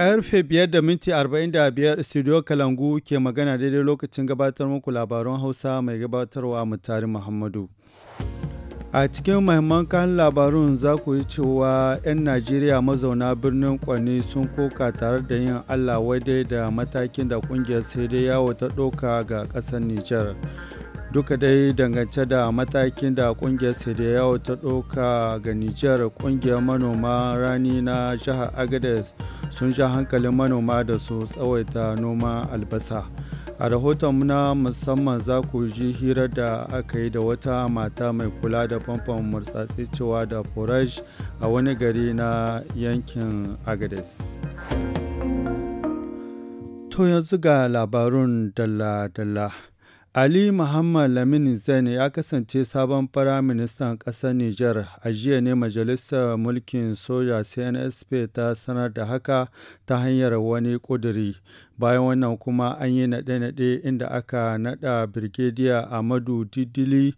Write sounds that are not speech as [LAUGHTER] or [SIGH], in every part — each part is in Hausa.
Karfe biyar Studio Kalangu ke magana daidai lokacin gabatar muku labaran Hausa mai gabatarwa mutari Muhammadu. A cikin mahimman kan labarun za ku yi cewa 'yan Najeriya mazauna birnin Kwani sun koka tare da yin Allah wadai da matakin da kungiyar sai dai yawo ta ɗauka ga kasar Nijar. Duka dai dangance da matakin da kungiyar sai dai yawo ta ɗauka ga Nijar kungiyar manoma rani na jihar Agadez. sun sha hankalin manoma da su tsawaita noma albasa a rahoton na musamman za ku ji hira da aka yi da wata mata mai kula da famfon murtsatsi cewa da forage a wani gari na yankin agades to yanzu ga labarun dalla-dalla Ali Muhammad Lamin Zain ya kasance sabon Firaministan ƙasar Nijar a jiya ne Majalisar Mulkin Soja CNSP ta sanar da haka ta hanyar wani ƙuduri. Bayan wannan kuma an yi naɗe-naɗe inda aka naɗa Birgediya Amadu Didili.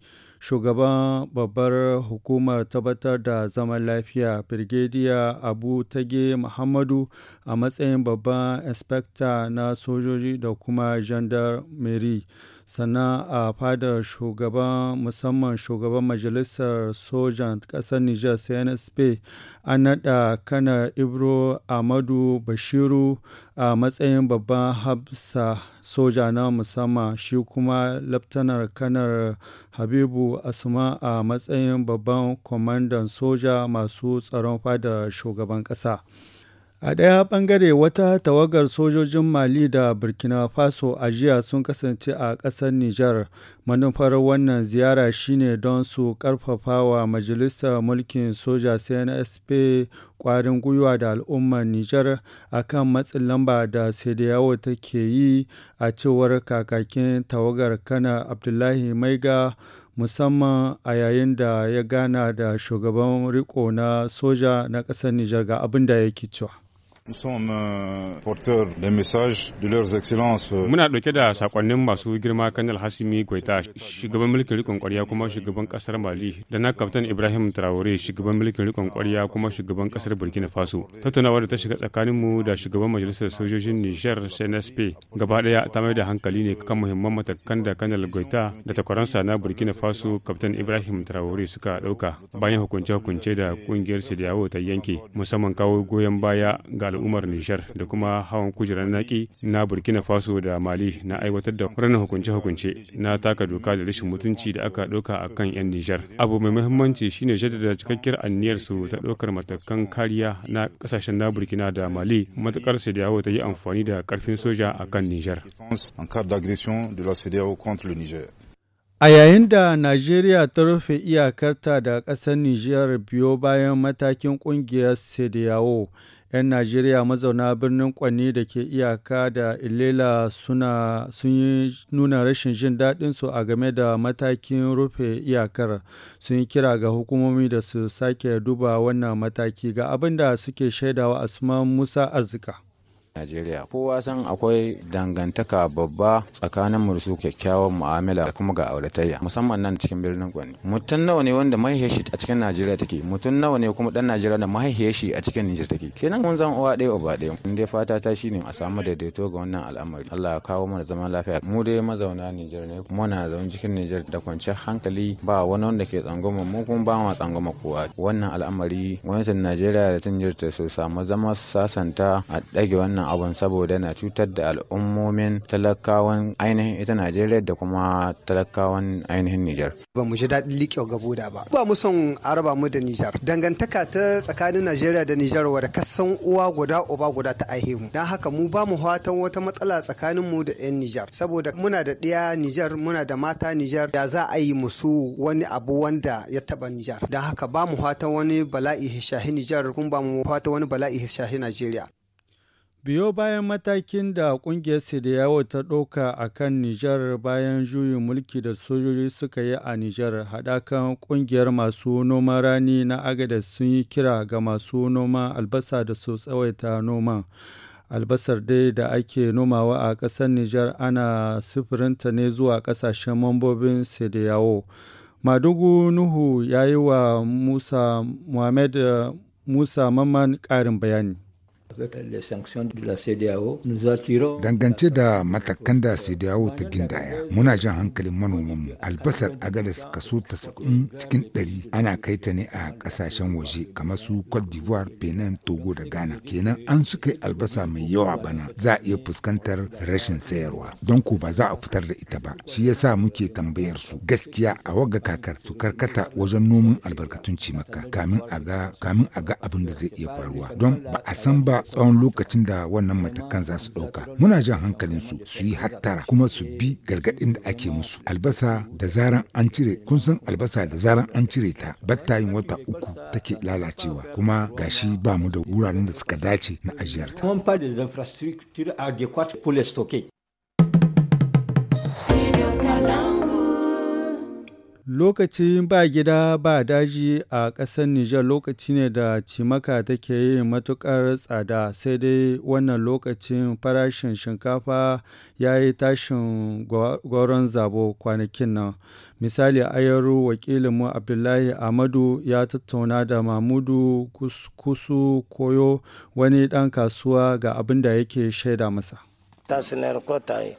shugaban babbar hukumar tabbatar da zaman lafiya birgediya abu tage muhammadu a matsayin babban inspekta na sojoji da kuma gendarmerie sannan a fadar shugaban musamman shugaban majalisar sojan ƙasar niger cnsp an naɗa kana ibro amadu bashiru a matsayin babban hafsa soja na musamman shi kuma laftanar kanar habibu asma a matsayin babban kwamandan soja masu tsaron fadar shugaban kasa. A ɗaya ɓangare wata tawagar sojojin Mali da Burkina Faso a jiya sun kasance a ƙasar Nijar. Manufar wannan ziyara shine don su ƙarfafa wa Majalisar Mulkin Soja CNSP ƙwarin gwiwa da al'ummar Nijar a kan matsin lamba da Sadiyawa take yi a cewar kakakin tawagar Kana Abdullahi Maiga musamman a yayin da ya gana da shugaban riko na soja na ƙasar Nijar ga abin da yake cewa. Euh, euh. Muna ɗauke da sakonnin masu girma Kanal Hasimi Goita, shugaban mulkin rikon kuma shugaban ƙasar Mali, da na Kaftan Ibrahim Traore, shugaban mulkin rikon kuma shugaban ƙasar Burkina Faso. Tattaunawa da ta shiga mu da shugaban majalisar sojojin Nijar CNSP gaba ɗaya ta mai da hankali ne kan muhimman matakan da Kanal Goita da takwaransa na Burkina Faso Kaftan Ibrahim Traore suka ɗauka bayan hukunce-hukunce da ƙungiyar Sidiyawo ta yanke musamman kawo goyon baya ga al'ummar Nijar da kuma hawan kujerar naki na Burkina Faso da Mali na aiwatar da ranar hukunce-hukunce na taka doka da rashin mutunci da aka doka a kan 'yan Nijar. Abu mai muhimmanci shine jaddada cikakkiyar anniyar su ta ɗaukar matakan kariya na kasashen na Burkina da Mali matuƙar Sidiyawo ta yi amfani da ƙarfin soja a kan Nijar. A yayin da Najeriya ta rufe iyakarta da ƙasar Nijar biyo bayan matakin ƙungiyar Sediyawo, 'yan najeriya mazauna birnin kwanni da ke iyaka da ilela sun yi nuna rashin jin daɗinsu a game da matakin rufe iyakar sun yi kira ga hukumomi da su sake duba wannan mataki ga abin da suke shaidawa asman musa arzika Najeriya. Kowa san akwai dangantaka babba tsakanin mursu kyakkyawar mu'amala da kuma ga auratayya musamman nan cikin birnin Kwani. Mutum nawa ne wanda mahaihiyar shi a cikin Najeriya take? Mutum nawa ne kuma dan Najeriya da mahaihiyar shi a cikin Nijar take? Kenan mun zan uwa ɗaya uba ɗaya. In dai fata ta shine a samu daidaito ga wannan al'amari. Allah ya kawo mana zaman lafiya. Mu dai mazauna Nijar ne muna zaune cikin Nijar da kwanciyar hankali ba wani wanda ke tsangwama mu kuma ba ma tsangwama kowa. Wannan al'amari gwamnatin Najeriya da ta Nijar ta so samu zama sasanta a ɗage wannan wannan abun saboda na cutar da al'ummomin talakawan ainihin ita Najeriya da kuma talakawan ainihin Nijar. Ba mu ji daɗin liƙewa gabo da ba. Ba mu son araba mu da Nijar. Dangantaka ta tsakanin Najeriya da Nijar wadda kasan uwa guda uba guda ta aihe mu. Don haka mu ba mu fatan wata matsala tsakanin mu da 'yan Nijar. Saboda muna da ɗiya Nijar muna da mata Nijar da za a yi musu wani abu wanda ya taɓa Nijar. Don haka ba mu fatan wani bala'i shahi Nijar kuma ba mu wani bala'i shahi Najeriya. Biyo bayan matakin da ƙungiyar Sidiyawo ta ɗauka a kan Nijar bayan juyin mulki da sojoji suka yi a Nijar, haɗakan ƙungiyar masu noma rani na Agada sun yi kira ga masu noma albasa da su tsawaita noma albasar dai da ake nomawa a ƙasar Nijar ana sifirinta ne zuwa ƙasashen mambobin Sediyawo. Madugu Nuhu ya yi wa Musa Muhammad Musa Maman ƙarin bayani. Dangance da matakan da CDAO ta gindaya, muna jan hankalin manomanmu albasar agadas kaso tasa'in cikin ɗari ana kai ta ne a ƙasashen waje kamar su Cote d'Ivoire, Benin, Togo da Ghana. Kenan an su kai albasa mai yawa bana za a iya fuskantar rashin sayarwa don ko ba za a fitar da ita ba. Shi yasa muke tambayar su gaskiya a waga kakar su karkata wajen noman albarkatun cimaka kamin a ga abin da zai iya faruwa don ba a san ba tsawon lokacin da wannan matakan za su ɗauka. Muna jan hankalinsu su yi hattara kuma su bi gargaɗin da ake musu. Albasa da zaran an cire, kun san albasa da zaran an cire ta, batta yin wata uku take lalacewa kuma gashi ba mu da wuraren da suka dace na ajiyarta. Lokacin ba gida ba daji a ƙasar Nijar lokaci ne da cimaka take yi matuƙar tsada sai dai wannan lokacin farashin shinkafa ya yi tashin goron zabo kwanakin nan. Misali ayaru wakilinmu Abdullahi Ahmadu ya tattauna da Mamudu Kusu Koyo wani ɗan kasuwa ga abin da yake shaida masa.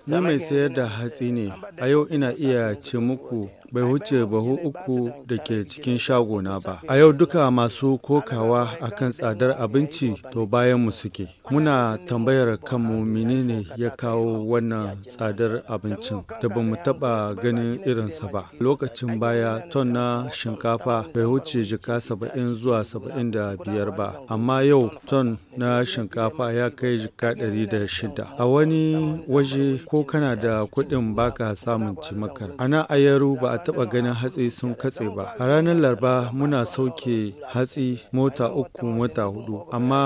Ni mai sayar da hatsi ne, a yau ina iya ce muku bai wuce bahu uku da ke cikin shagona ba. A yau duka masu kokawa akan tsadar abinci to bayan mu suke. Muna tambayar kanmu menene ya kawo wannan tsadar abincin da ba mu taɓa ganin irinsa ba. Lokacin baya ton na shinkafa bai wuce jika saba'in zuwa saba'in da biyar ba. Amma yau ton na shinkafa ya kai jika ɗari da shida. A wani waje ko kana da kuɗin baka samun cimakar. ana ayaru ba a taɓa ganin hatsi sun katse ba. A ranar Laraba muna sauke hatsi mota uku mota hudu, amma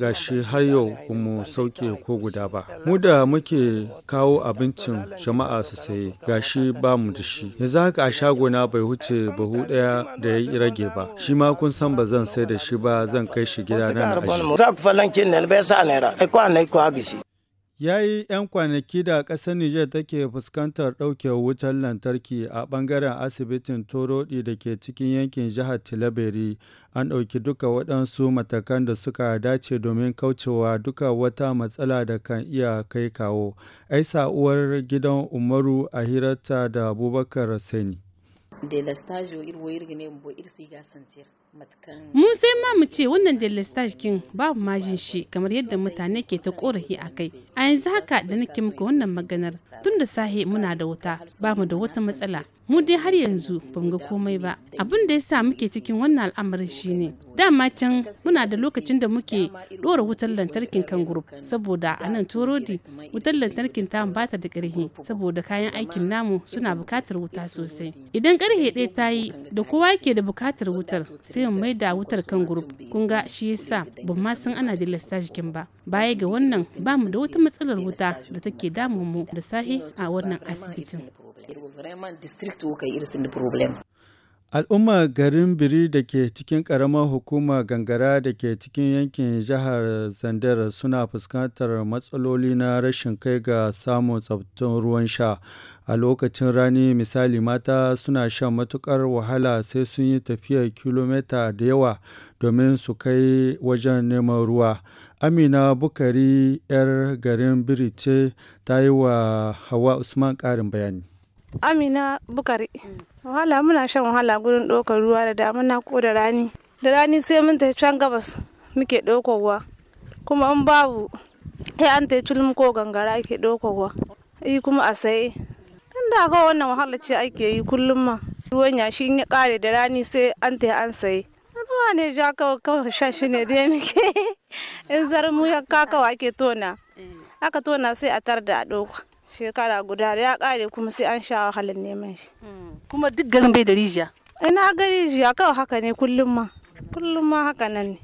gashi har yau mu sauke ko guda ba. Mu da muke kawo abincin jama'a su saye, gashi ba mu da shi. Yanzu haka a shagona bai wuce buhu ɗaya da ya rage ba. Shi ma kun san ba zan sai da shi ba zan kai shi gida na na aji. ya yi 'yan kwanaki da ƙasar Nijar take fuskantar ɗauke wutar lantarki a ɓangaren asibitin Torodi da ke cikin yankin jihar Tilaberi. An ɗauki duka waɗansu matakan da suka dace domin kaucewa duka wata matsala da kan iya kai kawo. ai sa'uwar gidan Umaru a hirarta da Abubakar Sani. mun sai ma mu ce wannan delestage kin babu majin shi kamar yadda mutane ke ta korafi a kai a yanzu haka da nake muku wannan maganar tun da sahe muna da wuta ba da wata matsala mu dai har yanzu ba ga komai ba abin da ya sa muke cikin wannan al'amarin shine dama can muna da lokacin da muke dora wutar lantarkin kan grup saboda a nan torodi wutar lantarkin ta ba ta da karhe saboda kayan aikin namu suna bukatar wuta sosai idan karhe ɗaya ta yi da kowa yake da bukatar wutar sai mu mai da wutar kan grup kun ga shi yasa ban ma san ana da jikin ba baya ga wannan ba mu da wata matsalar wuta da take damun mu da sahi a wannan asibitin Al'ummar garin Biri da ke cikin ƙaramar hukumar gangara da ke cikin yankin jihar Zandar suna fuskantar matsaloli na rashin kai ga samun tsabtun ruwan sha. A lokacin rani misali mata suna shan matukar wahala sai sun yi tafiyar kilomita da yawa domin su kai wajen neman ruwa. Amina Bukari 'yar garin Biri ce ta yi wa Hawa Usman ƙarin bayani. Amina Bukari. Wahala muna shan wahala gurin ɗaukar ruwa da damuna ko da rani. Da rani sai mun tafi can gabas muke ɗaukarwa. Kuma in babu sai an tafi culum ko gangara ake ɗaukarwa. Yi kuma a saye. Tun da ga wannan wahala ce ake yi kullum ma. Ruwan yashi shi ya ƙare da rani sai an tafi an saye. Ruwa ne ja kawai kawai shan shi ne dai muke. [LAUGHS] In zarmu ya kakawa ake tona. Eh. Aka tona sai a tar da a ɗauka. shekara guda da ya kare kuma sai an sha wahalar neman shi hmm. kuma duk garin bai da rijiya ina ga rijiya kawai haka ne kullum ma kullum ma haka nan ne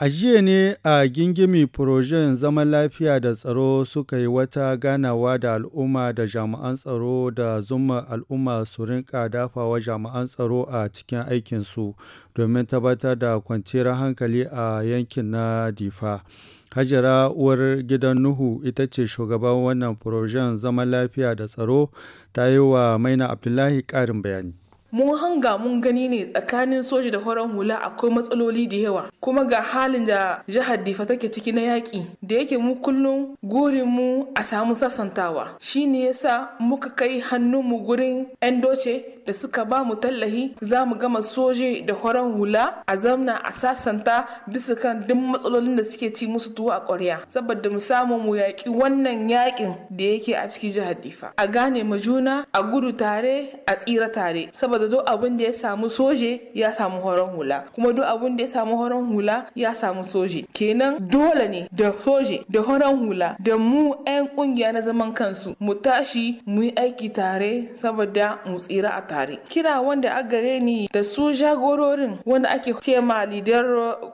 A jiya ne a Gingimi projen Zaman Lafiya da Tsaro suka yi wata ganawa da al'umma da jami'an tsaro da zuma al'umma su rinka dafawa jami'an tsaro a cikin aikinsu domin tabbatar da kwanciyar hankali a yankin na Difa. Hajara uwar gidan Nuhu ita ce shugaban wannan projen Zaman Lafiya da Tsaro ta yi wa Maina Abdullahi ƙarin bayani. mun hanga mun gani ne tsakanin soji da horon hula akwai matsaloli da yawa kuma ga halin da jihar difa take ciki na yaƙi da yake mu kullum gurin mu a samu sasantawa shi shine yasa muka kai hannun mu gurin 'yan doce da suka ba mu tallahi za mu gama soje da horon hula a zamna a sasanta bisa kan duk matsalolin da suke ci musu tuwo a ƙwarya saboda mu samu mu yaƙi wannan yaƙin da yake a cikin jihar difa a gane ma juna a gudu tare a tsira tare saboda duk abin da ya samu soje ya samu horon hula kuma duk abin da ya samu horon hula ya samu soje kenan dole ne da soje da horon hula da mu 'yan ƙungiya na zaman kansu mu tashi mu yi aiki tare saboda mu tsira a tare tare kira wanda a gare ni da su jagororin wanda ake ce ma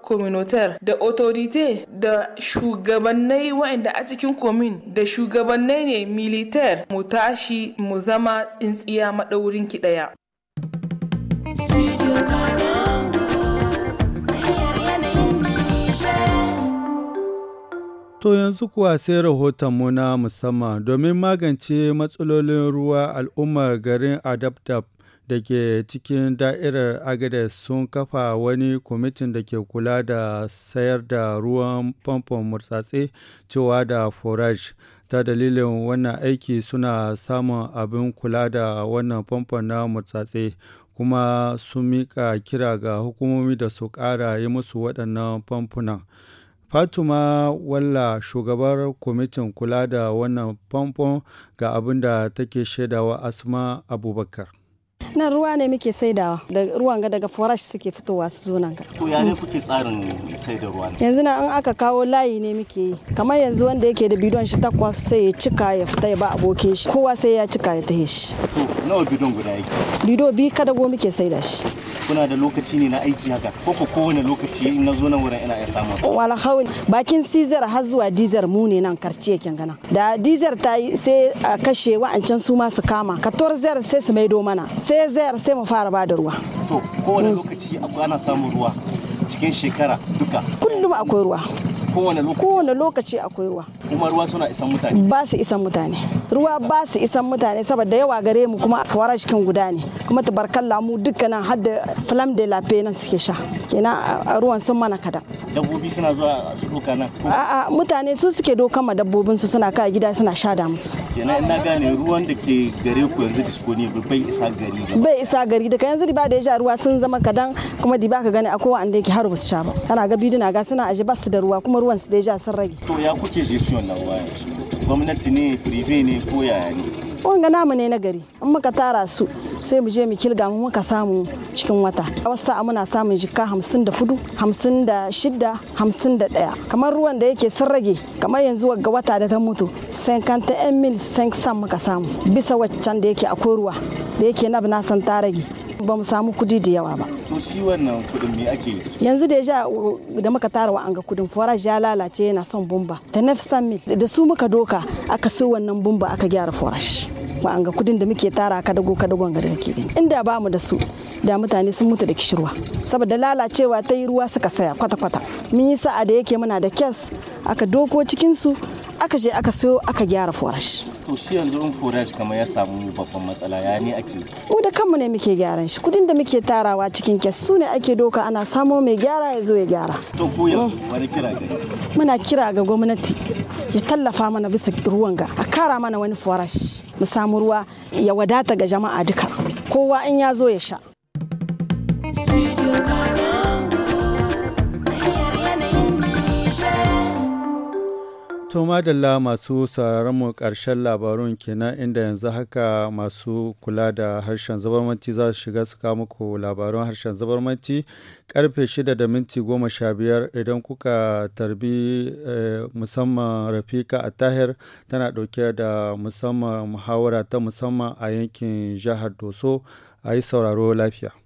communautaire da otorite da shugabannai waɗanda a cikin komin da shugabannai ne militaire mu tashi mu zama tsintsiya maɗaurin ki ɗaya. To yanzu kuwa sai rahotonmu na musamman domin magance matsalolin ruwa al'ummar garin Adaptap da ke cikin da'irar agades sun kafa wani kwamitin da ke kula da sayar da ruwan famfon murtsatse cewa da forage ta dalilin wannan aiki suna samun abin kula da wannan famfon na murtsatse kuma sun mika kira ga hukumomi da su ƙara yi musu waɗannan famfuna fatima walla shugabar kwamitin kula da wannan famfon ga abin da take shaidawa asma abubakar nan ruwa ne muke saidawa da ruwan ga daga forash suke fitowa su zo nan ka to ya ne kuke tsarin saida ruwa yanzu na an aka kawo layi ne muke yi kamar yanzu wanda yake da bidon shi takwas sai ya cika ya fita ya ba abokin shi kowa sai ya cika ya tahe shi to nawa bidon guda yake bido bi kada go muke saida shi kuna da lokaci ne na aiki haka ko ko kowane lokaci in na zo nan wurin ina ya samu wala hawin bakin sizar har zuwa dizar mu ne nan karci yake gana da dizar ta yi sai a kashe wa'ancan su ma su kama katorzar sai su maido mana sai zayar sai mu fara ba da ruwa to kowane lokaci ana samun ruwa cikin shekara duka kullum akwai ruwa kowane lokaci kowane lokaci akwai ruwa kuma ruwa suna isan mutane ba su isan mutane ruwa ba su isan mutane saboda yawa gare mu kuma kawara cikin guda ne kuma tabarkalla mu dukkanin har da flam de la nan suke sha kenan ruwan sun mana kada dabbobi suna zuwa su doka nan a'a mutane su suke dokan ma dabbobin su suna kai gida suna sha da musu kenan ina gane ruwan da ke gare ku yanzu disponible bai isa gari bai isa gari daga yanzu diba da ya sha ruwa sun zama kadan kuma diba ka gane akwai wanda yake har ba su sha ba kana ga biduna ga suna aje ba su da ruwa kuma ruwan su deja sun rabi to ya kuke su wannan ruwa yanzu gwamnati ne prive ne ko ya ne ga namu ne na gari in muka tara su sai mu je mu kilga mu muka samu cikin wata a wasu sa'a muna samun jika hamsin da fudu hamsin da shida hamsin da daya kamar ruwan da yake sun rage kamar yanzu ga wata da ta mutu sai ta yan mil sai san muka samu bisa waccan da yake akwai ruwa da yake na na san ta rage ba mu samu kudi da yawa ba to shi wannan kudin me ake yanzu da ja da muka tara wa anga kudin forage ya lalace yana son bumba ta nafsan mil da su muka doka aka so wannan bumba aka gyara forage wa anga kudin da muke tara ka kadagon gari kake gani inda ba mu da su da mutane sun mutu da kishirwa saboda lalacewa ta yi ruwa suka saya kwata-kwata mun yi sa'a da yake muna da kes aka doko cikinsu aka je aka sayo aka gyara forash. To shi yanzu in forash kamar ya samu babban matsala ya ne ake? Mu da kanmu ne muke gyaran shi kudin da muke tarawa cikin kes su ne ake doka ana samo mai gyara ya zo ya gyara. To ku yanzu mm. wani kira gari? Muna kira ga gwamnati ya tallafa mana bisa ruwan ga a kara mana wani forash mu samu ruwa ya wadata ga jama'a duka kowa in ya zo ya sha. To madalla masu mu karshen labarun kenan inda yanzu haka masu kula da harshen zabarmanci za su shiga su kawo muku labarun harshen zabarmanci karfe shida da minti 15 idan kuka tarbi eh, musamman Rafika a tahir tana ɗauke da musamman muhawara ta musamman a yankin jihar Doso a yi sauraro lafiya.